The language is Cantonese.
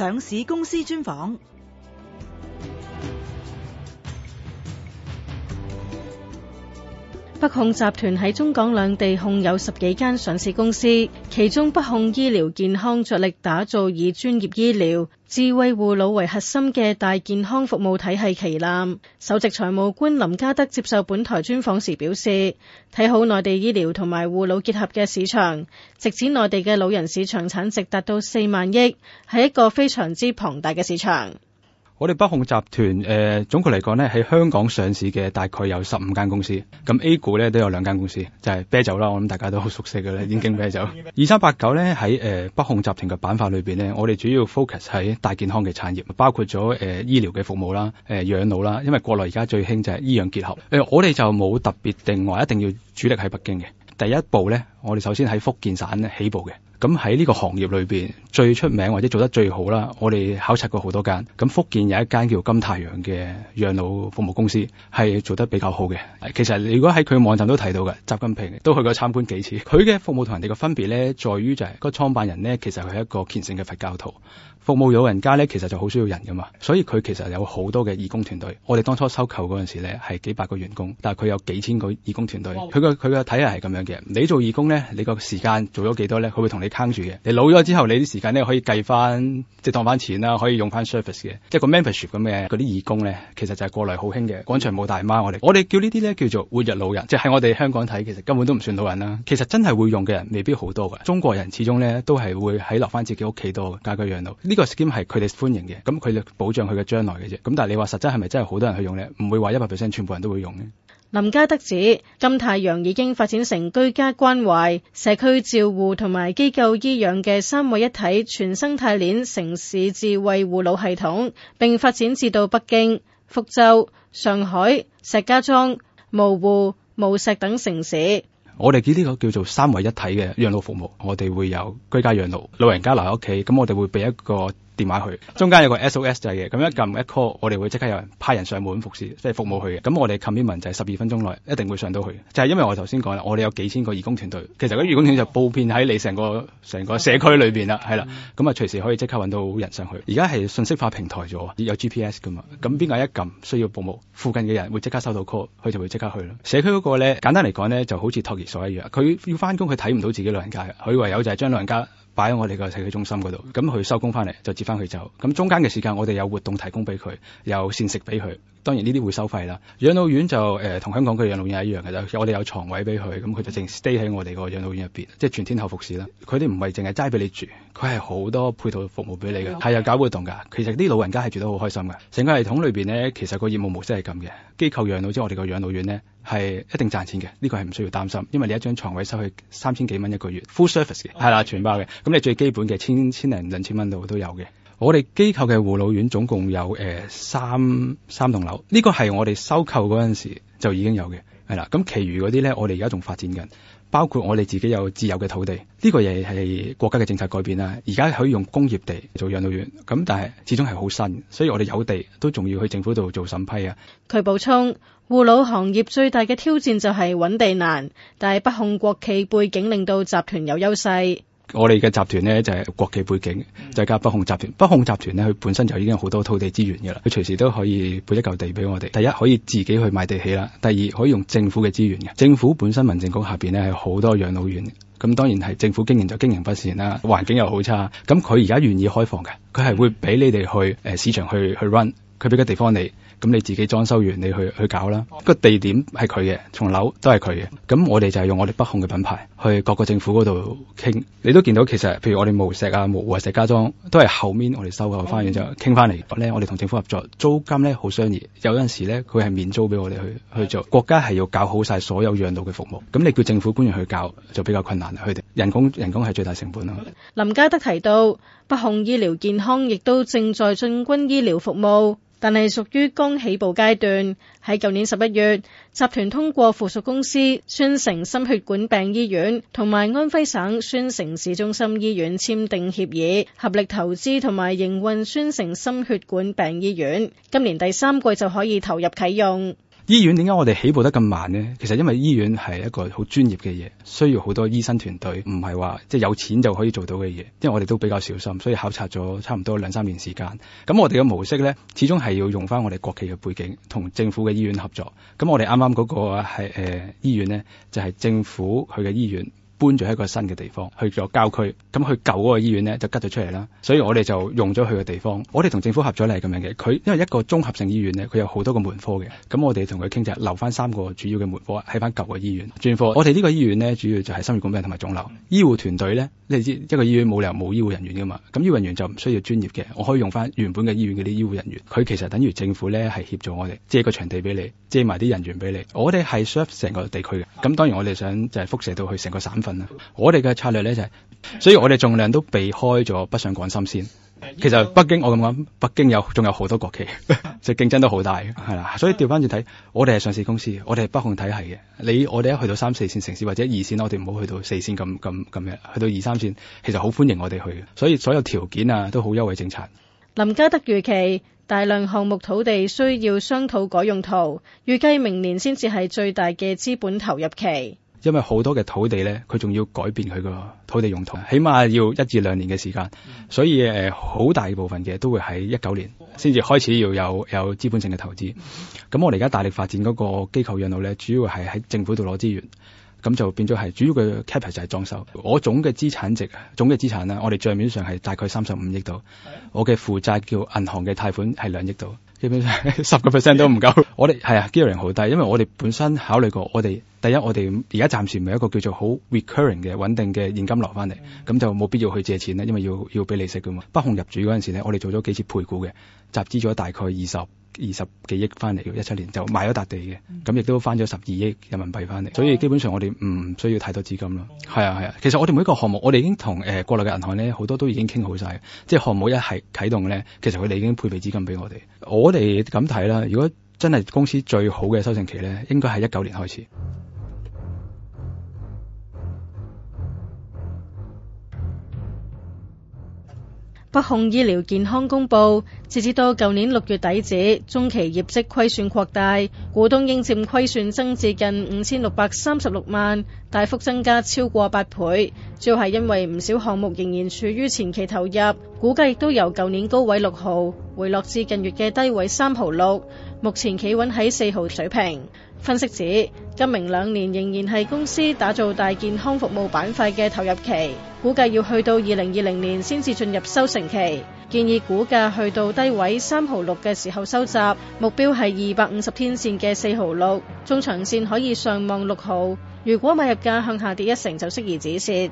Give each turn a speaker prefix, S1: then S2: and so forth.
S1: 上市公司專訪。北控
S2: 集團喺中港兩地控有十幾間上市公司，其中北控醫療健康着力打造以專業醫療、智慧護老為核心嘅大健康服務體系旗艦，首席財務官林嘉德接受本台專訪時表示，睇好內地醫療同埋護老結合嘅市場，直指內地嘅老人市場產值達到四萬億，係一個非常之龐大嘅市場。
S1: 我哋北控集團，誒、呃、總括嚟講咧，喺香港上市嘅大概有十五間公司，咁 A 股咧都有兩間公司，就係、是、啤酒啦，我諗大家都好熟悉嘅啦，燕 京啤酒。二三八九咧喺誒北控集團嘅板塊裏邊咧，我哋主要 focus 喺大健康嘅產業，包括咗誒、呃、醫療嘅服務啦，誒、呃、養老啦，因為國內而家最興就係醫養結合。誒、呃、我哋就冇特別定話一定要主力喺北京嘅第一步咧。我哋首先喺福建省咧起步嘅，咁喺呢個行業裏邊最出名或者做得最好啦。我哋考察過好多間，咁福建有一間叫金太陽嘅養老服務公司係做得比較好嘅。其實如果喺佢網站都睇到嘅，習近平都去過參觀幾次。佢嘅服務同人哋嘅分別咧，在於就係個創辦人咧，其實佢係一個虔誠嘅佛教徒。服務老人家咧，其實就好需要人噶嘛，所以佢其實有好多嘅義工團隊。我哋當初收購嗰陣時咧，係幾百個員工，但係佢有幾千個義工團隊。佢個佢嘅體系係咁樣嘅，你做義工。你個時間做咗幾多咧？佢會同你 count 住嘅。你老咗之後，你啲時間咧可以計翻，即係當翻錢啦，可以用翻 service 嘅，即係個 membership 咁嘅。嗰啲義工咧，其實就係過嚟好興嘅廣場舞大媽。我哋我哋叫呢啲咧叫做活躍老人，即係喺我哋香港睇，其實根本都唔算老人啦。其實真係會用嘅人未必好多㗎。中國人始終咧都係會喺落翻自己屋企度家居養老。呢個 scheme 係佢哋歡迎嘅，咁佢哋保障佢嘅將來嘅啫。咁但係你話實質係咪真係好多人去用咧？唔會話一百 percent 全部人都會用嘅。
S2: 林嘉德指金太陽已經發展成居家關懷、社區照護同埋機構醫養嘅三位一體全生態鏈城市智慧護老系統，並發展至到北京、福州、上海、石家莊、蕪湖、無錫等城市。
S1: 我哋叫呢個叫做三位一體嘅養老服務，我哋會有居家養老，老人家留喺屋企，咁我哋會俾一個。電話去，中間有個 SOS 就係嘅，咁一撳一 call，我哋會即刻有人派人上門服侍，即係服務佢嘅。咁我哋 commitment 就係十二分鐘內一定會上到去，就係因為我頭先講啦，我哋有幾千個義工團隊，其實嗰義工團隊佈遍喺你成個成個社區裏邊啦，係啦，咁啊隨時可以即刻揾到人上去。而家係信息化平台咗，有 GPS 㗎嘛，咁邊個一撳需要服務，附近嘅人會即刻收到 call，佢就會即刻去啦。社區嗰個咧，簡單嚟講咧，就好似托兒所一樣，佢要翻工，佢睇唔到自己老人家，佢唯有就係將老人家。擺喺我哋嘅社區中心嗰度，咁佢收工翻嚟就接翻佢走，咁中間嘅時間，我哋有活動提供俾佢，有膳食俾佢。當然呢啲會收費啦，養老院就誒同、呃、香港嘅養老院係一樣嘅就我哋有床位俾佢，咁佢就淨 stay 喺我哋個養老院入邊，即係全天候服侍啦。佢哋唔係淨係齋俾你住，佢係好多配套服務俾你嘅，係有搞活動㗎。其實啲老人家係住得好開心嘅。成個系統裏邊咧，其實個業務模式係咁嘅。機構養老即係我哋個養老院咧，係一定賺錢嘅，呢、這個係唔需要擔心，因為你一張床位收去三千幾蚊一個月，full service 嘅，係啦，全包嘅。咁你最基本嘅千千零兩千蚊度都有嘅。我哋機構嘅護老院總共有誒、呃、三三棟樓，呢、這個係我哋收購嗰陣時就已經有嘅，係啦。咁，其餘嗰啲呢，我哋而家仲發展緊，包括我哋自己有自有嘅土地。呢、這個嘢係國家嘅政策改變啦，而家可以用工業地做養老院。咁但係始終係好新，所以我哋有地都仲要去政府度做審批啊。
S2: 佢補充，護老行業最大嘅挑戰就係揾地難，但係北控國企背景令到集團有優勢。
S1: 我哋嘅集團呢，就係、是、國企背景，就係、是、加北控集團。北控集團呢，佢本身就已經有好多土地資源嘅啦，佢隨時都可以撥一嚿地俾我哋。第一可以自己去買地起啦，第二可以用政府嘅資源嘅。政府本身民政局下邊呢，係好多養老院，咁當然係政府經營就經營不善啦，環境又好差。咁佢而家願意開放嘅，佢係會俾你哋去誒、呃、市場去去 run。佢俾個地方你，咁你自己裝修完，你去去搞啦。個地點係佢嘅，從樓都係佢嘅。咁我哋就係用我哋北控嘅品牌去各個政府嗰度傾。你都見到其實，譬如我哋無錫啊、無湖啊、石家莊，都係後面我哋收購翻完之後傾翻嚟咧。我哋同政府合作，租金咧好相宜。有陣時咧，佢係免租俾我哋去去做。國家係要搞好晒所有養老嘅服務，咁你叫政府官員去搞，就比較困難啦。佢哋人工人工係最大成本啦。
S2: 林嘉德提到，北控醫療健康亦都正在進軍醫療服務。但係屬於剛起步階段。喺舊年十一月，集團通過附屬公司宣城心血管病醫院同埋安徽省宣城市中心醫院簽訂協議，合力投資同埋營運宣城心血管病醫院。今年第三季就可以投入啟用。
S1: 醫院點解我哋起步得咁慢呢？其實因為醫院係一個好專業嘅嘢，需要好多醫生團隊，唔係話即係有錢就可以做到嘅嘢。因為我哋都比較小心，所以考察咗差唔多兩三年時間。咁我哋嘅模式呢，始終係要用翻我哋國企嘅背景，同政府嘅醫院合作。咁我哋啱啱嗰個係誒、呃、醫院呢，就係、是、政府佢嘅醫院。搬咗喺一個新嘅地方，去咗郊區。咁去舊嗰個醫院呢，就吉咗出嚟啦，所以我哋就用咗佢嘅地方。我哋同政府合作嚟咁樣嘅，佢因為一個綜合性醫院呢，佢有好多個門科嘅。咁我哋同佢傾就留翻三個主要嘅門科喺翻舊個醫院轉科。我哋呢個醫院呢，主要就係心血管病同埋腫瘤。醫護團隊呢，你知一個醫院冇理由冇醫護人員㗎嘛？咁醫護人員就唔需要專業嘅，我可以用翻原本嘅醫院嗰啲醫護人員。佢其實等於政府呢，係協助我哋借個場地俾你，借埋啲人員俾你。我哋係 serve 成個地區嘅。咁當然我哋想就係輻射到去成個省份。我哋嘅策略咧就係，所以我哋盡量都避開咗北上廣深先。其實北京我咁講，北京有仲有好多國企，即 競爭都好大，係啦。所以調翻轉睇，我哋係上市公司，我哋係北控體系嘅。你我哋一去到三四綫城市或者二綫，我哋唔好去到四綫咁咁咁樣，去到二三綫，其實好歡迎我哋去嘅。所以所有條件啊都好優惠政策。
S2: 林嘉德預期大量項目土地需要商討改用途，預計明年先至係最大嘅資本投入期。
S1: 因為好多嘅土地咧，佢仲要改變佢個土地用途，起碼要一至兩年嘅時間。所以誒，好、呃、大部分嘅都會喺一九年先至開始要有有資本性嘅投資。咁我哋而家大力發展嗰個機構養老咧，主要係喺政府度攞資源，咁就變咗係主要嘅 capex 就係裝修。我總嘅資產值、總嘅資產咧，我哋帳面上係大概三十五億度。我嘅負債叫銀行嘅貸款係兩億度。基本上十個 percent 都唔夠， 我哋係啊，gearing 好低，因為我哋本身考慮過，我哋第一我哋而家暫時唔係一個叫做好 recurring 嘅穩定嘅現金流翻嚟，咁、嗯、就冇必要去借錢咧，因為要要俾利息嘅嘛。北控入主嗰陣時咧，我哋做咗幾次配股嘅集資咗大概二十。二十幾億翻嚟嘅，一七年就買咗笪地嘅，咁亦、嗯、都翻咗十二億人民幣翻嚟，嗯、所以基本上我哋唔需要太多資金咯。係、嗯、啊係啊，其實我哋每一個項目，我哋已經同誒、呃、國內嘅銀行咧，好多都已經傾好晒。即、就、係、是、項目一係啟動咧，其實佢哋已經配備資金俾我哋。我哋咁睇啦，如果真係公司最好嘅收成期咧，應該係一九年開始。
S2: 北控醫療健康公布，截至到舊年六月底止，中期業績虧損擴大，股東應佔虧損增至近五千六百三十六萬，大幅增加超過八倍。主要係因為唔少項目仍然處於前期投入，股價亦都由舊年高位六毫回落至近月嘅低位三毫六，目前企穩喺四毫水平。分析指今明兩年仍然係公司打造大健康服務板塊嘅投入期。估計要去到二零二零年先至進入收成期，建議股價去到低位三毫六嘅時候收集，目標係二百五十天線嘅四毫六，中長線可以上望六毫，如果買入價向下跌一成就適宜止蝕。